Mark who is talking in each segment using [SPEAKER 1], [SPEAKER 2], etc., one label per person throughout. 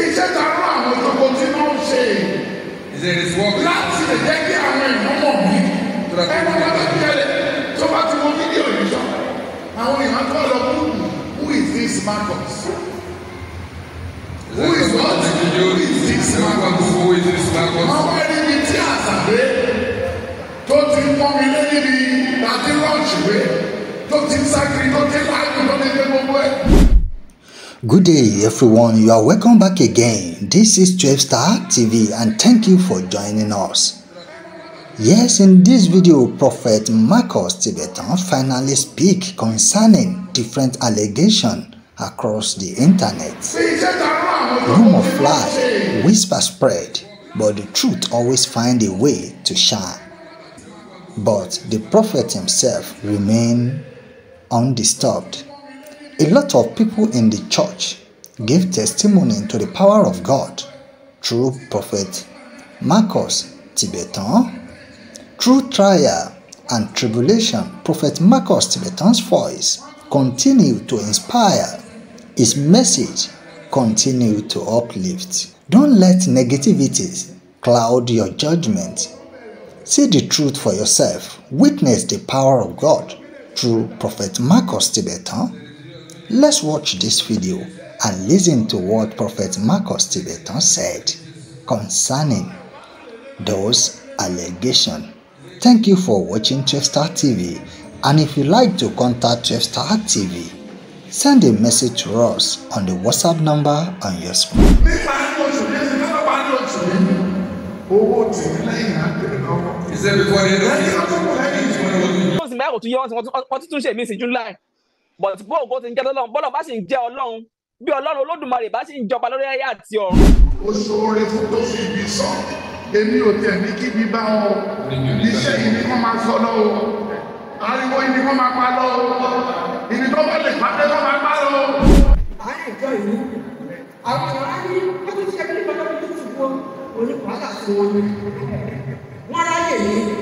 [SPEAKER 1] iṣẹ́ ta rán àwọn ìjọba tí wọ́n ṣe. is it his work. láti lè jẹ́ kí àwọn ìmọ̀mọ̀ mi. ẹnu bá bá bẹ̀rẹ̀ tó bá ti wo fídíò yìí sọ. àwọn èèyàn tó lọ kú who is this Marcus. who is what. who is this Marcus. who is this Marcus. àwọn ẹni mi tí àṣàgbé tó ti pọ́n mi lé níbi láti rọ́ọ̀ṣì wé tó ti sákìrì tó ti láàgbé tó ti gbé gbogbo ẹ̀.
[SPEAKER 2] Good day everyone, you are welcome back again. This is 12 Star TV and thank you for joining us. Yes, in this video, Prophet Marcus Tibetan finally speak concerning different allegations across the internet. Rumor fly, whisper spread, but the truth always find a way to shine. But the prophet himself remain undisturbed a lot of people in the church gave testimony to the power of God through Prophet Marcus Tibetan. Through trial and tribulation, Prophet Marcus Tibetan's voice continued to inspire, his message continued to uplift. Don't let negativities cloud your judgment. See the truth for yourself. Witness the power of God through Prophet Marcus Tibetan. Let's watch this video and listen to what Prophet Marcus Tibetan said concerning those allegations. Thank you for watching 12 TV and if you like to contact 12 TV, send a message to us on the WhatsApp number on your screen.
[SPEAKER 1] owó tì í lẹ́yìn
[SPEAKER 3] àgbèrè lọ́wọ́.
[SPEAKER 2] ìṣèlú kọ́ni ló ń bí
[SPEAKER 3] wọ́n ti báyìí kò tún yọ wọ́n ti tún ṣe mí sí July but bó ògo ti ń jẹ́ lọ́lọ́run bọ́lọ̀ bá sì ń jẹ́ ọlọ́run bí ọlọ́run olódùmarè bá sì ń jọba lórí ayé àti ọ̀run. ó
[SPEAKER 1] ṣoore fún tó fi ibi sọ èmi ò tẹ̀ ní kí ibi bá wọn iṣẹ́ yìí ni wọ́n máa sọ lọ́wọ́ ariwo yìí ni wọ́n máa pa lọ́wọ́ ibi tó bá lè pàdé tó máa pa lọ́wọ́.
[SPEAKER 3] àìjọ ìlú àwọn ará ní wọ́n ti ṣe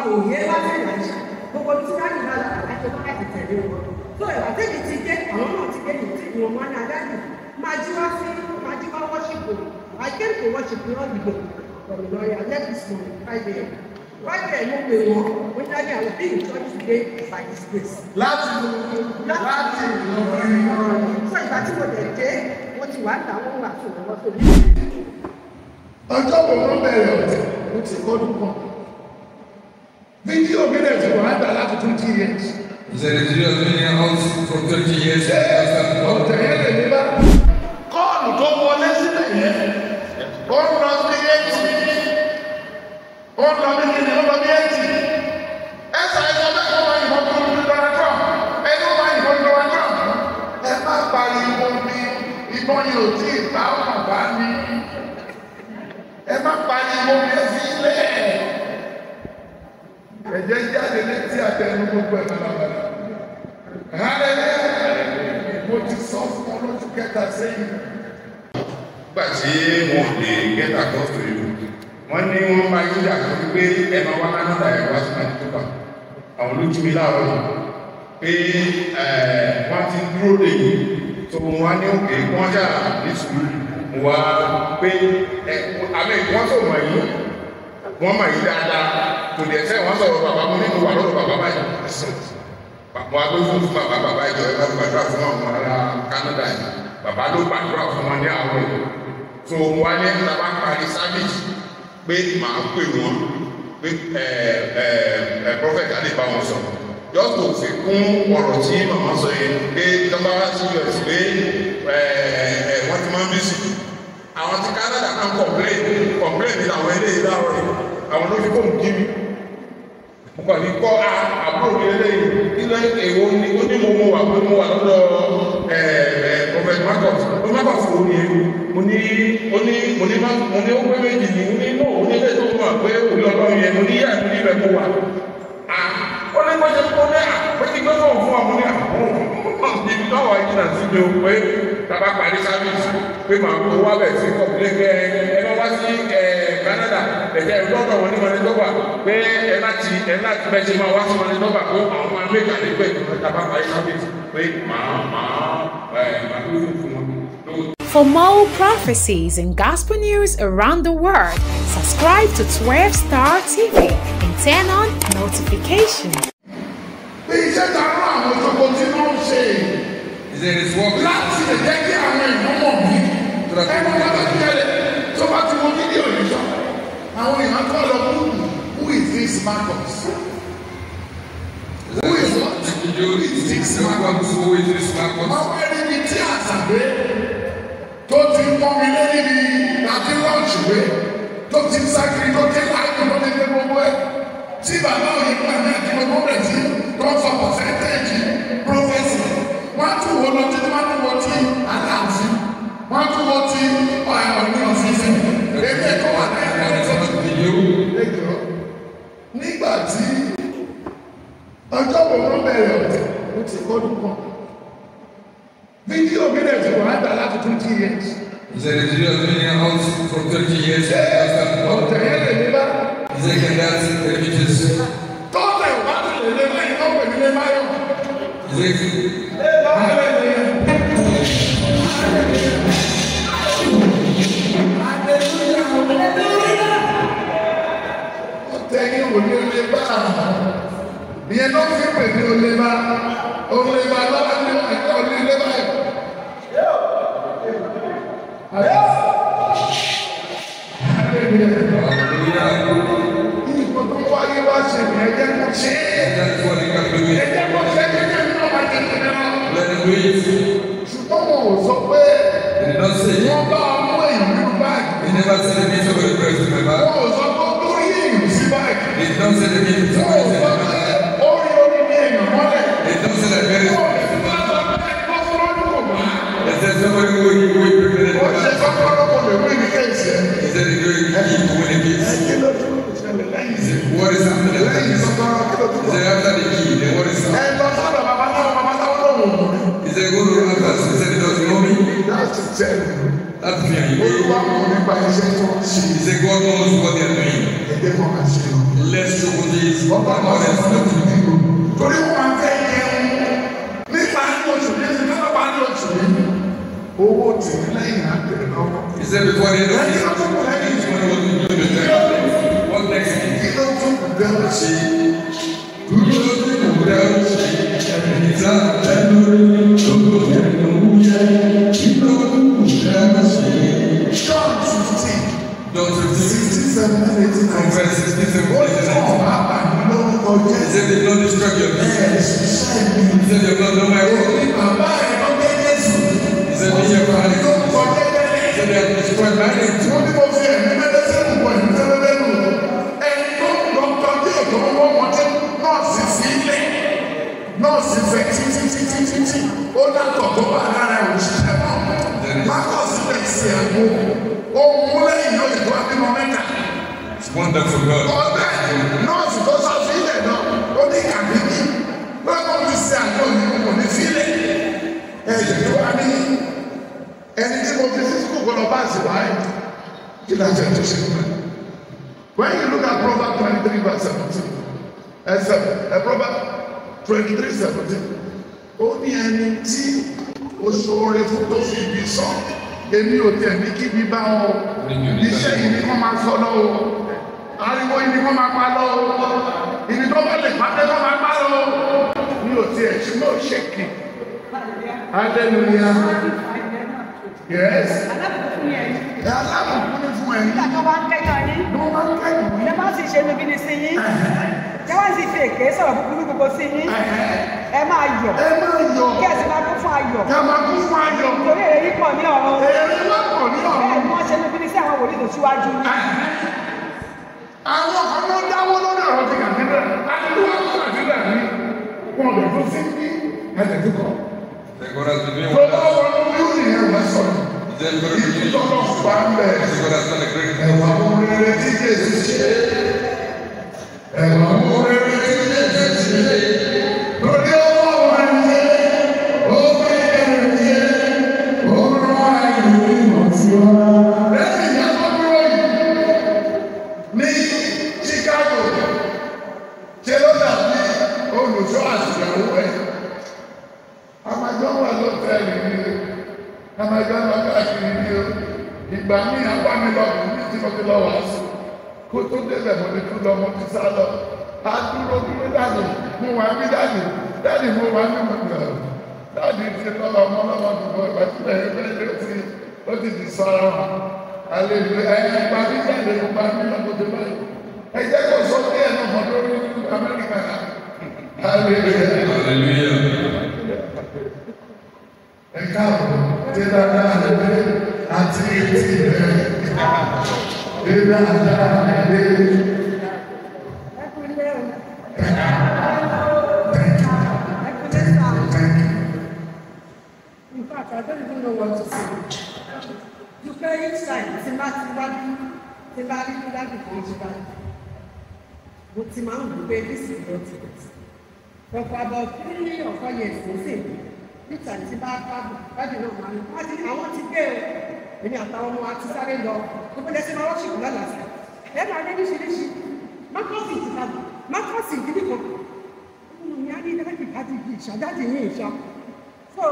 [SPEAKER 3] àwọn òye bá tẹ̀lé àṣà gbogbo tí sáàdì bá làkà láti wọ́n láti tẹ̀lé wọn. tó ìwà tẹ̀lé ti dé àwọn náà ti dé ní tí ìwọ̀n wọn náà dájú máa jí wá sí máa jí wá wọ́ṣìpù I came to worship the Lord Igbo from Ilorin I left this morning five a.m. wọ́n yẹ ẹ̀mú pé wọ́n wọ́n dájú àwọn bí ìjọ́jú today by his grace. láti láti Ìlọrin. sọ ìgbà tí mo lè dé wọ́n ti wá ń ta wọ́n wà fún ìrànlọ́sọ̀rọ̀.
[SPEAKER 1] ọjọ́ wo ló bẹ̀rẹ̀ ọ̀tẹ̀ mo ti gbọ́dún kan. Video minutes rẹ̀ ti wà á gbà láti twenty years. ṣe the video has been out for twenty years. ṣé ọ̀tẹ̀ yẹn lè ní bá. kọ́ọ̀lù tó wọlé sílẹ̀ yẹn ó ń lọ sí eighty ó ń lọ bí kìnnì ó ń lọ bí eighty ẹ̀sà ẹ̀sà mẹ́kọ̀ọ́ wá ìbọn tó ń lọ́wọ́ náà ẹni wá ìbọn lọ́wọ́ ẹ má pariwo mi ẹ fi lẹ́ẹ̀ ẹ̀jẹ̀ jáde létí àtẹnu gbogbo ẹ̀ balabala hallelujah mo ti sọ fún ọ lójú kẹta sẹ́yìn. nígbà tí wọn lè get across to you wọn ní wọn máa yí àkókò pé ẹ máa wá láti ta ẹ̀rọ àti máa tó bá àwọn olójú mi láàárọ̀ pé eh, wọn ti dúró dè yìí tó wọn ní òkè wọn jà ní sùúrù wọn pé ẹ eh, àmì ìwọ́n tó mọ̀ yìí wọ́n mọ̀ yí dáadáa kò dẹ̀ sẹ́ wọ́n sọ̀rọ̀ bàbá mo nínú wà lọ́rọ̀ bàbá báyìí mo agbé fún fún bàbá bàbá ìjọ ẹ máa gbàdúrà fún ọmọ ara Canada yìí bàbá ló gbàdúrà fún wọn ní àwọn èèyàn tó wọn ní tàbá parí sábìsì pé màá pè wọn pé ẹ ẹ ẹ prọfẹtì alẹ bá wọn sọ̀rọ̀ yọtò fi kún ọ̀rọ̀ tí màmá sọ yẹn pé tọ́ba sí us pé ẹ ẹ wọ́n ti máa ń bí sùn àwọn ti Canada kan complain complain ní àwọn eléyìí láwọn yìí àwọn ló fi kóhùn kí mi mo kàn ní kọ́ ah, àbúrò mi eléyìí nínú èwo ni ó ní mo mo wà pé mo wà lọ́dọ̀ Professor Marcus ó má bàa fò ó ní ewu mo ní mo ní mo ní ah, mo ní ó pé méjì ní mo ní náà ó ní ilé tó wà pé òun lọ́dọ̀ yẹn mo ní yàrá ìlú rẹ̀ mo wà ó ní pé ṣe kó ní àpèjì gbẹ́fọ̀ fún wa mo ní à ah, sí o pé tàbá parí pé màá kó wá bẹ̀ sí kọ̀pìlẹ̀ kẹ́ ẹ bá wá sí ẹ ẹ̀jẹ̀ lọ́dọ̀ wọn ní pé ẹ ẹ wá sí àwọn máa mẹ́ta lè pẹ́ tàbá parí pé màá màá ẹ̀ màá tó fún wọn.
[SPEAKER 3] For more prophecies and gospel news around the world, subscribe to 12 Star TV and turn on notifications.
[SPEAKER 1] láti jẹ́ kí àwọn èèyàn mọ̀ mí. ẹnu wọn lọ kẹlẹ̀ tó bá ti wo fídíò yìí sọ. àwọn èèyàn kọ́ lọ who who is this Marcus? who is what? who is this Marcus? who is this Marcus? wọ́n fẹ́ níbi tí àṣàgbé tó ti pọ́n mi lé níbi àti lọ́ọ̀ṣù wé tó ti sákiri tó ti láàyè tó ti dé gbogbo ẹ̀ tí bàbá òyìnbó àmì àti gbogbo rẹ̀ ti sí ọ̀gbìn ọ̀sísì èmi ẹ̀kọ́ wà ní ẹ̀kọ́ ní sọ́dọ̀ ẹ̀jọ́ nígbà tí ọjọ́ wo wọ́n bẹ̀rẹ̀ ọ̀tẹ̀ ó ti kọ́dún kan fídíò mi rẹ̀ ti wà á gbà láti twenty years. The Nigerian been out for 30 years. Ọ̀tẹ̀ yẹn lè ní bá. Ṣé kí n dá sí religious? Tọ́lẹ̀ wá lè lè máyọ̀ ọ̀pẹ̀ lè máyọ̀. Ṣé kí n dá kò ní olè bá ìyẹn náà fi pè ní olè bá olè
[SPEAKER 3] bá lọ́wọ́ ní ẹ̀ka olè bá yìí.
[SPEAKER 1] Hallelujah. Ìgbà tó wáyé wá ṣe ní ẹ̀jẹ̀ kò ṣe é. tell you. láti fi àyè wọ́n. olúwa mọ̀ nípa iṣẹ́ tó ń ṣe. he said God knows what they are doing. ẹgbẹ́ kan máa ṣe lọ. let's do this. ọba náà ṣe fún mi kìí dìbò. torí wọn máa fẹ́ jẹun nípa oṣù ní ẹsẹ̀ nípa bá ní oṣù ní. owó tì í lẹ́yìn àgbèrè lọ́wọ́. he said before the ẹni tó kù lẹ́yìn conferences people go to the home. lórúkọ jẹ́. ṣé the blood is your knee. ẹ ṣiṣẹ́ mi. ṣé the my work. èmi bàbá ẹ̀ ló dé Jésù. ṣé the iye pa my name. Wonderful God. Ọbẹ̀ nọ́ọ̀sì tó sá sílẹ̀ náà ó ní kàbíní lọ́wọ́ ti ṣe àjọ òní òní sílẹ̀. Ẹ̀jẹ̀ tó wá ní ẹni tí mo fi sí sùkúl gbọ́dọ̀ bá àṣì wáyé kí ni àjẹ́ tó ṣe wá. When you look at Proverbs twenty three verse seventeen ẹsẹ̀ ẹ̀ Proverbs twenty three seventeen ó ní ẹni tí oṣù oore fún tó fi ibi sọ èmi ò tẹ̀ ní kíbi bá wọn iṣẹ́ yìí ni wọ́n máa sọ lọ́wọ́ ariwo ibi kọ́ máa pa lọ ibi
[SPEAKER 3] tó bá lè pàdé kọ́ máa pa lọ
[SPEAKER 1] mi ò tiẹ̀ tí mo ṣe kì hallelujah yes alábùkún
[SPEAKER 3] ni fún ẹ̀yin nígbà tó bá ń kẹ́yọ̀ yín ló bá ń kẹ́yọ̀ yín lè má sì ṣe níbi ní sí yín ẹ wá sì fi èké sọ̀rọ̀ búburú gbogbo sí yín ẹ máa yọ̀ ẹ máa yọ̀ kí ẹ sì máa kún fún ayọ̀ kí ẹ máa kún fún ayọ̀ torí èrè yìí ní ọ̀run èrè yìí pọ̀ ní ọ̀run bẹ́ẹ̀ ni wọ́n ṣe níbi ní sí àwọn wòlíì tó síwájú yín àwọn kan ló dáwọ́
[SPEAKER 1] lórí ọ̀rọ̀ ti kà síbẹ̀ àdúgbò àkókò síbẹ̀ ní wọn lè tún sí ní ẹsẹ̀ tí kọ̀. tó bá wọn ní yóò ní ẹ̀wọ̀n sọ̀rọ̀ ìdí tọ́lọ̀ fà ń bẹ̀ ẹ̀wọ̀n òun rere tí kèsì ṣe é. ọjọ́ àtìyàwó ẹ̀ amajọ́ wà lọ́tẹ̀ẹ̀lì ni o amajọ́ wà káàkiri ni o ìgbà míì apámilọ́kùn ní tí mo ti lọ wá sí kó tó débẹ̀ mo ti tú lọ mo ti sá lọ adúró dúró dàdí mo wà mí dàdí dàdí mo wà mí mo gbà dàdí ti lọ ọmọ lọ́wọ́ tó bọ̀ ìgbà tí lẹ́yìn bẹ́ẹ̀ ló ti ó ti di sọ́ra wọn àlejò ẹ̀yìn ìgbà mí jáde mo gbà mí lọ́kùn tó báyìí ẹ jẹ́ kó sọ pé ẹ̀ náà mọ̀ lórí Amẹ́ríkà náà. Hallelujah. Hallelujah. Ẹ káàbọ̀ tí dáadáa lè dé àti etí rẹ̀. Bí dáadáa
[SPEAKER 3] I don't even know what to say. You carry inside, ti máa ti wá bí ti bá rí bí lágbègbè ìjìbá. Mo ti máa ń gbé bí sì lọ for about three or four years kò sí níta tí bá tábù bájú náà máa ní ti àwọn ti gbé o e. èmi àtàwọn ọmọ àti sáré lọ gbogbo ẹsẹ̀ máa wọ́n ṣìkò lọ́la sí ẹ máa rí oríṣiríṣi mákọ́sì ti tábù mákọ́sì gidi kan ọmọ mi á ní ilé ìkájú bíi ìṣàjáde yín ìṣá so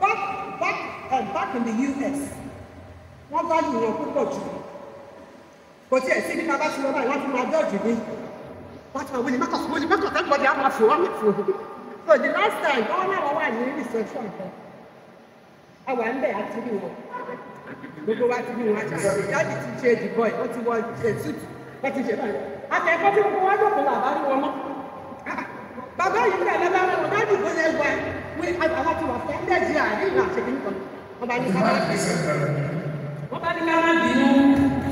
[SPEAKER 3] back back uh, back in the US wọ́n bá yìnyín púpọ̀ jù kò tí ẹ̀ sí ní bàbá ṣe lọ́ba ìwádìí máa dọ́jú ní. What are Willie Marcus? Willie Marcus, everybody have my phone. I'm phone. So the last time, all now wà ní reception kan. A ń bẹ̀ àti bí wọn. Gbogbo wa ti bí wọn àti àwọn jáde ti ṣe the boy, wọ́n ti wọ ṣe suit, wọ́n ti ṣe báyìí. Àti ẹ̀kọ́ tí gbogbo wa lòpọ̀ làbá ní wọn mọ́. Bàbá yìí ń bẹ̀ lọ́ba wọn, ọ̀gá àdìgbò lẹ wà. Àwọn ti wà fẹ́ ẹ̀ jẹ́ àdé ìlú àṣẹ kìíní kan. Wọ́n bá ní ká máa bínú. Wọ́n bá ní ká máa bínú.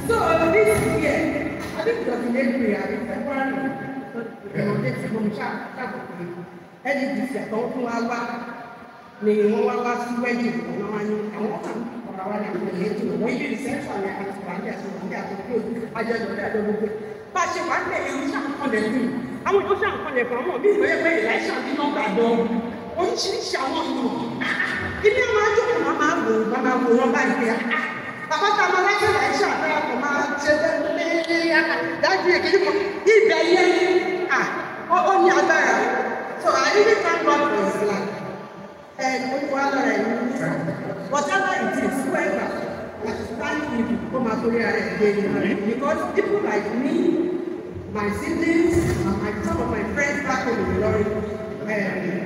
[SPEAKER 3] So this year, I think it was in April, I think ìròyìn tí mo ń ṣàkóso pé ndc àtọwọ́ fún wa wá ni wọ́n wá wá sí wẹ́yìn ìgbọ̀nà wa ní àwọn kan ọ̀rọ̀ wa ní àwọn èyí tó wọ́n yí rìsẹ́ńtì àwọn àti wàhálà àti wàhálà àti wàhálà àjọyọ̀ àjọyọ̀ gbogbo bá a ṣe wà ń tẹ̀lé irú ṣàkóso lẹ́yìn àwọn ìwé ẹgbẹ́ ìlà ìṣàkóso nọ́mbà dọ́ oríṣiríṣi àwọn ọ̀nà ilé àwọn ajọ́kùn máa máa wò máa wò wọn báyìí pé ah, ah, bàbá tá a máa lájọ́ láìṣàkóso máa ṣe fẹ́ lé ah, dájú ìkíní kan ibẹ̀ ó agbára so I really thank God for his life and olùkọ́ alọ́rẹ̀ ẹ̀mí nígbà whatever it is whoever like thank you kó máa torí ara ẹ̀ dé yìí because people like me my siblings and my some of my friends back home in Ilorin um,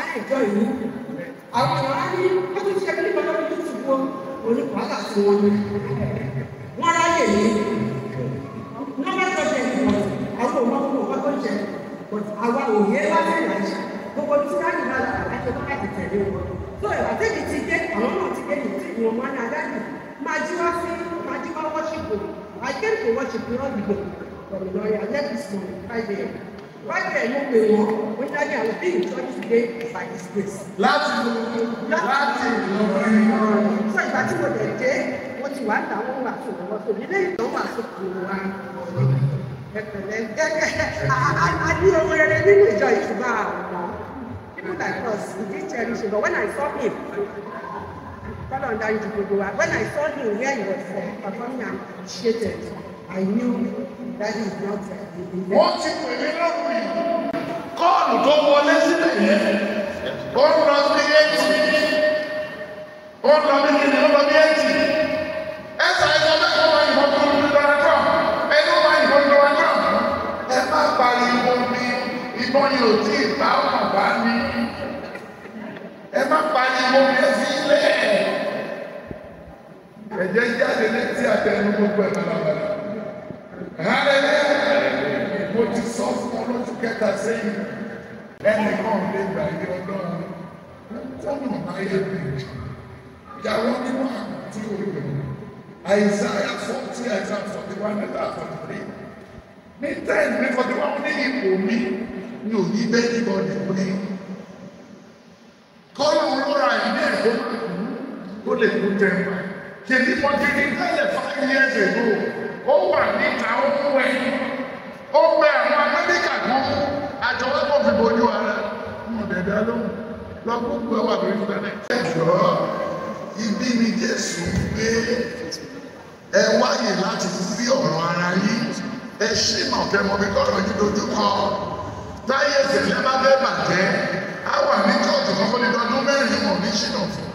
[SPEAKER 3] I enjoy you àwọn ọ̀rọ̀ á ní ó tún ṣe kí wọ́n lọ́dún tó wọ́n olùkọ́ aláṣẹ wọn ni wọ́n ráyè yìí wọ́n bá tọ́jú ẹ̀ nìkan àwọn ọmọ ọmọ ọmọ ọmọ ọjọ́ but àwa ò yé wá sí ìlàjà gbogbo tí ká yìí lálẹ́ àdájọ́ tó bá ti tẹ̀lé wọn tó ìwà tẹ́lẹ̀ ti dé àwọn náà ti dé nìtí ìwọ̀n wọn ní adájọ́ máa jí wá sí máa jí wá wọ́ṣìpù I came to worship the Lord Igbo from Ilorin I left this morning five a.m. five pè wọ́n wọ́n dá ní àwọn bí ìjọ́jú ti dé by his I knew a ní ohun rere nínú ìjọ ìṣùgbọ́n àwọn people like us we dey cherish him but when I saw him when I saw him where he was performing and appreciated I knew that he is not a good man. wọ́n
[SPEAKER 1] ti pè mí lọ́rùn yìí
[SPEAKER 3] kọ́ọ̀lù tó wọlé sílẹ̀ yẹn
[SPEAKER 1] ó ń lọ ní tẹ́ẹ̀nì mi fọ́tí wọ́n ní ipò mi ní òní bẹ́ẹ̀ni bọ́ọ̀lù ẹ̀kọ́ ní kọ́lọ̀ ọlọ́ra ilé ẹ̀kọ́ máa kú ó lè kú tẹ́ẹ̀mà kìí fọ́tí ní tẹ́lẹ̀ five years ago ó wà níta ó mú ẹ ó bẹ àwọn amẹ́ríkà kan àjọwọ́pọ̀ fi bojú ara wọn dẹ̀dá lóhùn lọ́gbọ́gbọ́ wà lórí fẹ́rẹ̀. ẹjọ́ ibi ni Jésù gbé ẹ wáyè láti fi ọ̀rọ̀ ara yín ẹ ṣe mọ̀ kẹ́ mọ bí tọ́rọ̀ yìí dojú kọ táyé ìṣẹ̀lẹ̀ bá bẹ́ẹ̀ bàjẹ́ á wà ní church kan fún nídọ́dún mẹ́rin wọn ní ṣìnà fún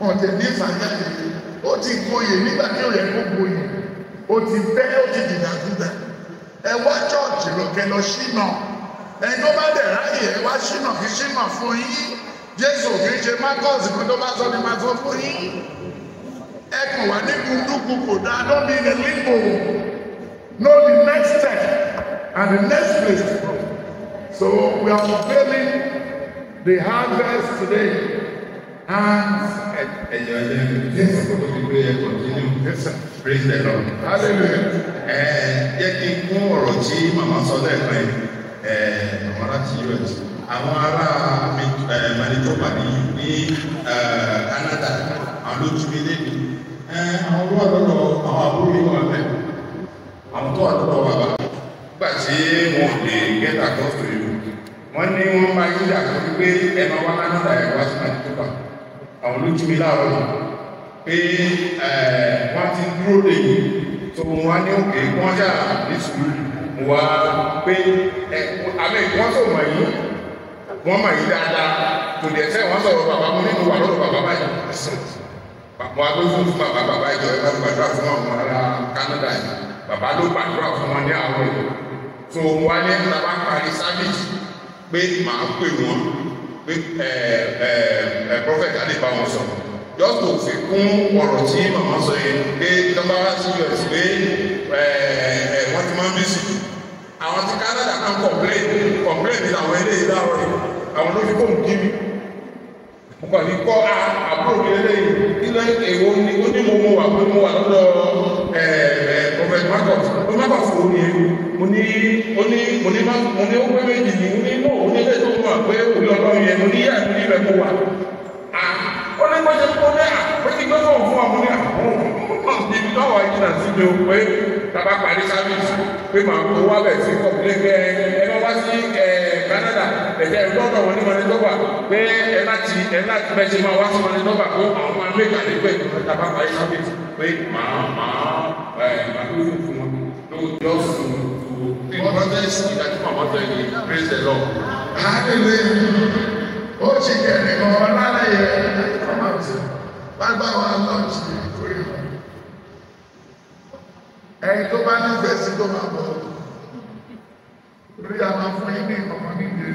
[SPEAKER 1] wọn tẹ̀ ní ìfàyà yìí ó ti gboyè nígbà tí ó yẹ kó gboyè ó ti bẹ́ ó ti dìdàkúdà ẹ wá church lọ́kẹ́ lọ ṣìnà ẹni tó bá dẹ̀ ráyè ẹ wá ṣìnà kí ṣìnà fún yín jésù kì ṣe marcus kan tó bá sọ ni máa sọ fún yín ẹ kàn wá ní kúndùkú kò dáa lọ́bí ilẹ̀ Know the next step and the next place to go. So we are fulfilling the harvest today. And yes, sir. Praise the Lord. Hallelujah. Jẹ́ kí n kún ọ̀rọ̀ tí màmá sọ lẹ́ẹ̀kan yìí, màmá láti US. Àwọn ará Manitoba ní Canada, àwọn lójú mi lébi. Àwọn olúwa lọ́dọ̀ àwọn àbúrò mi wà bẹ́ẹ̀ àwọn tó wà lọ́dọ̀ bàbá gbà tí wọn lè get across to you wọ́n ní wọ́n máa yí dà kó pé ẹ máa wá náà nígbà ẹ̀rọ àti náà tó bà àwọn lójú mi láàárọ̀ pé wọ́n ti dúró dè yìí tó wọ́n ní òkè wọ́n jà ní sùúrù wà pé àmì wọ́n tó mọ̀ yìí wọ́n mọ̀ yìí dáadáa kò dẹ̀ sẹ́ wọ́n sọ̀rọ̀ bàbá mo nínú wà lọ́dọ̀ bàbá báyìí ẹ̀sìn bàbá agbóhùn fún bàbá bàbá ìjọba ìgbàdúrà fún àwọn ará Canada yìí bàbá ló gbàdúrà fún wọn ní àwọn tó wálé bàbá parí sábìsì pé màá pè wọn pé ẹ ẹ ẹ prọfẹtì alẹ bá wọn sọ̀rọ̀ dọ́tò fi kún ọ̀rọ̀ tí màmá sọ yẹn pé tọ́ba sílẹ̀ sí pé ẹ wọ́n ti máa ń bí sí àwọn ti Canada kan complain complain ní eléyìí láàárọ̀ yìí àwọn ló fi kóhùn kí mi nǹkan ní kọ́ àbúrò mi lélẹ́yìn nínú èwo ni ó ní mo mo wà pé mo wà lọ́dọ̀ prophet marcus ó má bà fún mi mo ní mo ní mo ní mo ní ó pé méjì ní mo ní náà ó ní bẹ́ẹ̀ tó wà pé òbí ọlọ́run yẹn mo ní yíyá mi ní ibẹ̀ mo wà. ó ní pẹ́ẹ́sẹ̀ kó ní àpẹ́ẹ́sì gbọ́dọ̀ fún wa mo ní àpọ́n ah, ibi táwọn ìjìnà sí ni pé tàbá parí sáfíìsì pé màá kó wá bẹ̀ sí kọ̀pìlẹ̀ ẹ lọ wá sí Canada ẹ̀jẹ̀ ẹ̀rọ ọ̀nà wọn ní wọn ní dọ́gba pé ẹ láti ẹ láti bẹ́ẹ̀ ṣe máa wá sí wọn ní dọ́gba pé àwọn máa mẹ́ta ní pé tàbá parí sáfíìsì pé màá màá ẹ̀ màá ló fún wọn lóòótọ́ fún wọn. In brothers, it has come out of eh, Praise the Lord. Hallelujah. Oh, she can't go eh. on. Come out. Bye bye, our Lord ẹ̀yin tó bá nífẹ̀ẹ́ sí tó máa bọ̀ lórí àwọn afọ yín ní ìmọ̀mọ́ nídìí.